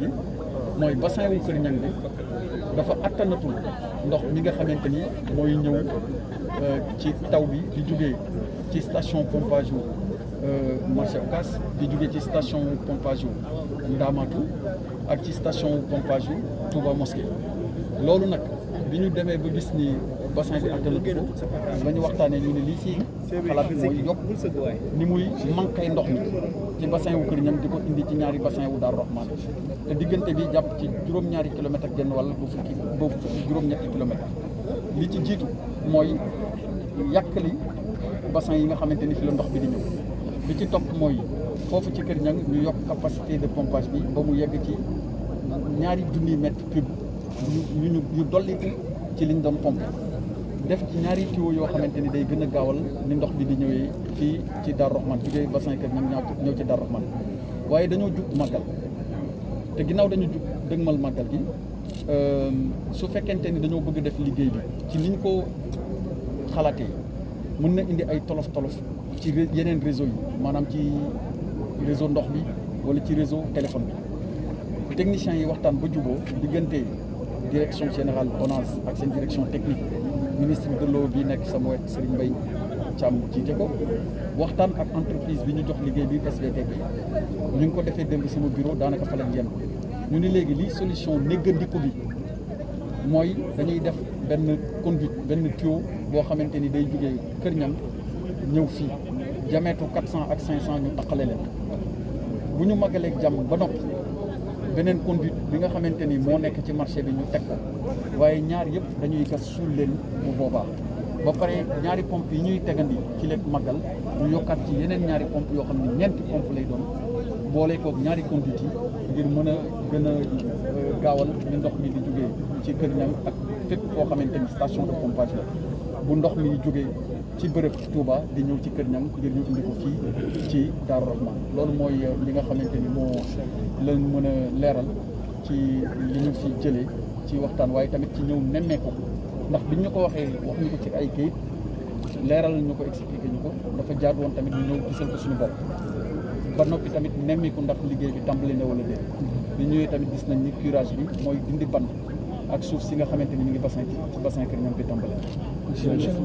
bi mooy bassin wu Kër Ñang bi dafa attanatul ndox mi nga xamante ni mooy ñëw euh, ci taw bi di jugee ci station pompage wu euh, marché Ocass di jugee ci station pompage wu Ndamatou ak ci station pompage wu Touba loolu nag bi ñu demee ba gis ni bassin bi attanatu ko ba ñu waxtaanee ñu ne lii ci xalaat mooy yokk ni muy manqué ndox mi ci bassin wu Kër Niang di ko indi ci ñaari bassin wu Daaru Rahman te diggante bi jàpp ci juróom-ñaari kilomètre ak genn wàll ba fukki ba fukki juróom-ñetti kilomètre li ci jiitu mooy yàq li bassin yi nga xamante ni fi la ndox bi di ñëw li ci topp mooy foofu ci Kër Niang ñu yokk capacité de pompage bi ba mu yegg ci ñaari junniy mètre cube ñu ñu ñu dolliku ci liñ doom pompe def ci ñaari tuyau yoo xamante ni day gën a gaawal ni ndox bi di ñëwee fii ci Darou Rahmane jugee bassin kër ñoom ñëw ci Darou Rahmane waaye dañoo jub màggal te ginnaaw dañu jub dëgmal màggal gi euh, su fekkente ni dañoo bëgg def liggéey bi ci niñ ko xalaatee mën na indi ay tolof tolof ci yeneen réseau yi maanaam ci réseau ndox bi wala ci réseau téléphone bi techniciens yi waxtaan ba juboo diggante direction générale ONAS ak seen direction technique ministre de l'eau bi nekk sama wet Serigne Mbaye Thiam jiite ko waxtaan ak entreprise bi ñu jox liggéey bi SVT bi ñu ngi ko defee démb sama bureau daanaka fa lañ yem ñu ni léegi lii solution néggandiku bi mooy dañuy def benn conduite benn tuyau boo xamante ni day jugee Kër Ñam ñëw fii diamètre 400 ak 500 ñu taqale leen bu ñu magaleeg jàmm ba noppi beneen conduite bi nga xamante ni moo nekk ci marché bi ñu teg ko waaye ñaar yëpp dañuy gas suul leen bu boobaa ba pare ñaari pompe yi ñuy tegandi ci leeg màggal ñu yokkaat ci yeneen ñaari pompe yoo xam ne ñeenti pompe lay doon boole koog ñaari conduite yi ngir mën a gën a euh, gaawal ni ndox mi di jógee ci kër ñam ak fépp koo xamante ni station de pompage la bu ndox mi jógee ci bërëb Touba di ñëw ci Kër Ñang ngir ñu indi ko fii ci Daaru Rahman loolu mooy euh, li nga xamante ni moo leen mën a leeral ci li ñu fi jëlee ci waxtaan waaye tamit ci ñëw nemmeeku ndax biñ ñu ko waxee wax ci ay kayit leeral ñu ko expliqué ko dafa jaadu tamit ñu ñëw gisal ba noppi tamit nemmeeku ndax liggéey bi tàmbali na wala déet bi ñëwee tamit gis nañ ni curage bi mooy dindi ban ak suuf si nga xamante ni mi ngi bassin Kër Ñang bi tàmbale